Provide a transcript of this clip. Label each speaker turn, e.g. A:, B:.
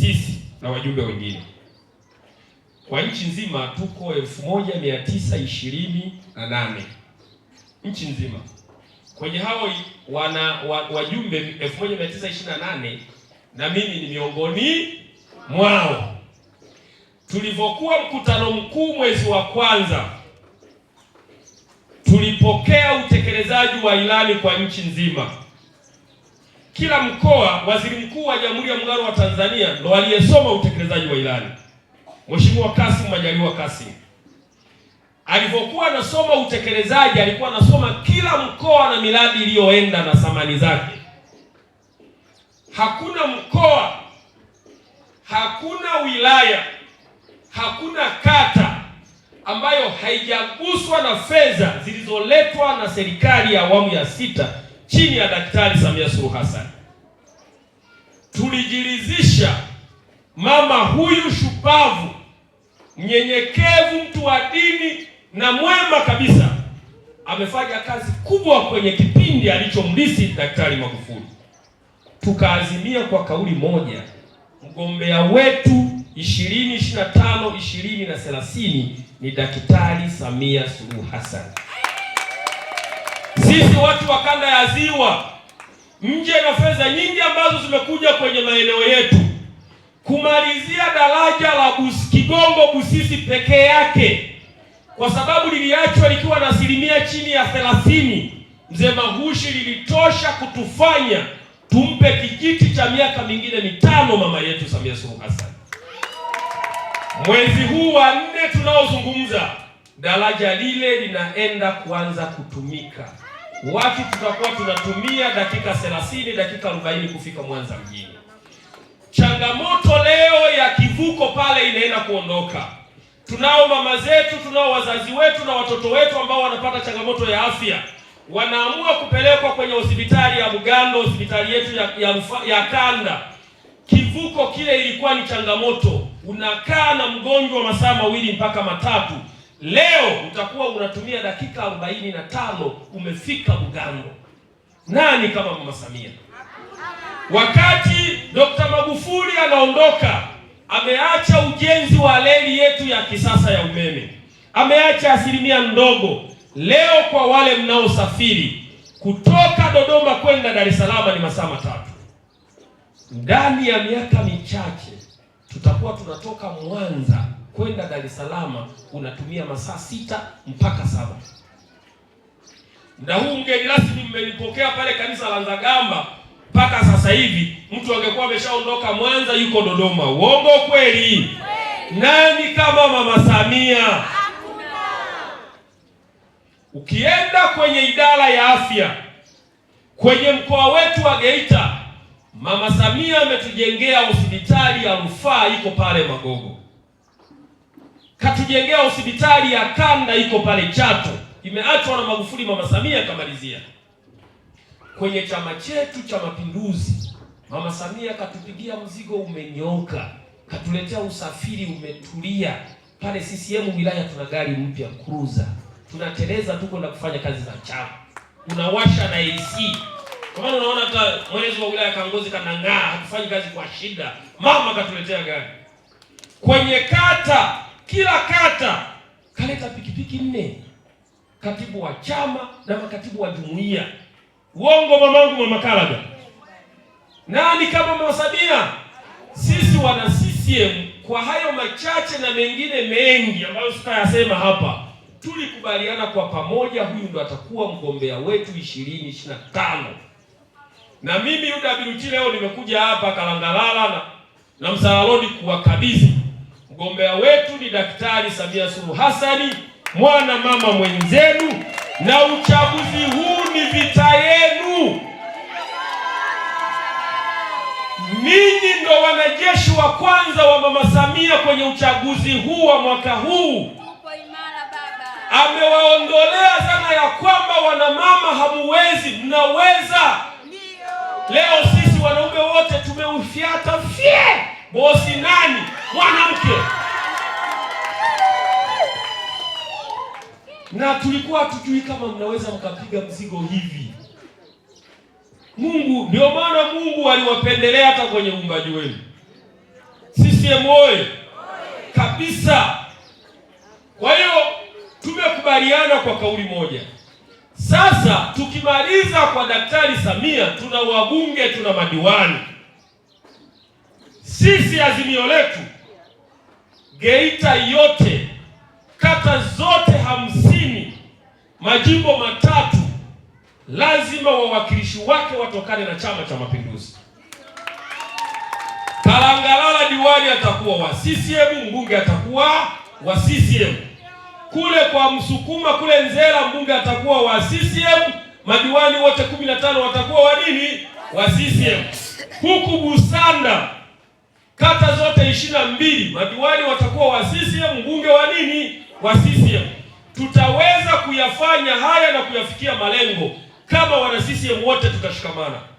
A: sisi na wajumbe wengine kwa nchi nzima tuko 1928 na nchi nzima. Kwenye hao wana wajumbe 1928 na na mimi ni miongoni mwao. Tulivyokuwa mkutano mkuu mwezi wa kwanza, tulipokea utekelezaji wa ilani kwa nchi nzima kila mkoa, waziri mkuu wa Jamhuri ya Muungano wa Tanzania ndo aliyesoma utekelezaji wa ilani. Mheshimiwa Kassim Majaliwa Kassim alivyokuwa anasoma utekelezaji, alikuwa anasoma kila mkoa na miradi iliyoenda na thamani zake. Hakuna mkoa, hakuna wilaya, hakuna kata ambayo haijaguswa na fedha zilizoletwa na serikali ya awamu ya sita chini ya Daktari Samia Suluhu Hassan. Tulijiridhisha mama huyu shupavu, mnyenyekevu, mtu wa dini na mwema kabisa, amefanya kazi kubwa kwenye kipindi alichomlisi Daktari Magufuli. Tukaazimia kwa kauli moja, mgombea wetu 2025 20 na 30 ni Daktari Samia Suluhu Hassan sisi watu wa kanda ya Ziwa, nje na fedha nyingi ambazo zimekuja kwenye maeneo yetu kumalizia daraja la Kigongo Busisi pekee yake, kwa sababu liliachwa likiwa na asilimia chini ya thelathini. Mzee Magushi lilitosha kutufanya tumpe kijiti cha miaka mingine mitano mama yetu Samia Suluhu Hassan. Mwezi huu wa nne tunaozungumza, daraja lile linaenda kuanza kutumika watu tutakuwa tunatumia dakika 30 dakika 40 kufika Mwanza mjini. Changamoto leo ya kivuko pale inaenda kuondoka. Tunao mama zetu, tunao wazazi wetu na watoto wetu ambao wanapata changamoto ya afya, wanaamua kupelekwa kwenye hospitali ya Bugando, hospitali yetu ya, ya, ya kanda. Kivuko kile ilikuwa ni changamoto, unakaa na mgonjwa masaa mawili mpaka matatu. Leo utakuwa unatumia dakika arobaini na tano umefika Bugando. Nani kama mama Samia? Wakati Dr. Magufuli anaondoka, ameacha ujenzi wa reli yetu ya kisasa ya umeme, ameacha asilimia ndogo. Leo kwa wale mnaosafiri kutoka Dodoma kwenda Dar es Salaam ni masaa matatu. Ndani ya miaka michache tutakuwa tunatoka Mwanza kwenda Dar es Salaam unatumia masaa sita mpaka saba. na huu mgeni rasmi mmelipokea pale kanisa la Nzagamba, mpaka sasa hivi mtu angekuwa ameshaondoka Mwanza, yuko Dodoma. Uongo kweli? Nani kama mama Samia? Ukienda kwenye idara ya afya kwenye mkoa wetu wa Geita, mama Samia ametujengea hospitali ya rufaa iko pale Magogo katujengea hospitali ya kanda iko pale Chato, imeachwa na Magufuli, mama Samia kamalizia. Kwenye chama chetu cha Mapinduzi, mama Samia katupigia mzigo umenyoka, katuletea usafiri umetulia. Pale CCM wilaya tuna gari mpya cruiser, tunateleza tu kwenda kufanya kazi za chama, unawasha na AC kwa maana unaona hata mwenyezi wa wilaya kaongozi kanang'aa, hatufanyi kazi kwa shida. Mama katuletea gari kwenye kata kila kata kaleta pikipiki nne, katibu wa chama na makatibu wa jumuiya. Uongo mamangu, mama Kalaga? Nani kama mama Samia? Sisi wana CCM kwa hayo machache na mengine mengi ambayo sitayasema hapa, tulikubaliana kwa pamoja, huyu ndo atakuwa mgombea wetu 2025 na mimi UWT leo nimekuja hapa Kalangalala na, na Msalala kuwakabidhi Mgombea wetu ni Daktari Samia Suluhu Hassan, mwana mama mwenzenu, na uchaguzi huu ni vita yenu. Ninyi ndo wanajeshi wa kwanza wa mama Samia kwenye uchaguzi huu wa mwaka huu. Amewaondolea sana ya kwamba wanamama hamuwezi, mnaweza. Leo sisi wanaume wote tumeufyata fye bosi nani mwanamke, na tulikuwa hatujui kama mnaweza mkapiga mzigo hivi. Mungu ndio maana Mungu aliwapendelea hata kwenye uumbaji wenu. CCM oye kabisa! Kwa hiyo tumekubaliana kwa kauli moja. Sasa tukimaliza kwa Daktari Samia, tuna wabunge, tuna madiwani. Sisi azimio letu Geita yote, kata zote hamsini, majimbo matatu, lazima wawakilishi wake watokane na Chama cha Mapinduzi. Kalangalala diwani atakuwa wa CCM, mbunge atakuwa wa CCM. Kule kwa Msukuma kule Nzera, mbunge atakuwa wa CCM, madiwani wote 15 watakuwa wa nini, wa CCM. Huku Busanda kata zote ishirini na mbili madiwani watakuwa wa CCM, mbunge wa nini wa CCM. Tutaweza kuyafanya haya na kuyafikia malengo kama wana CCM wote tukashikamana.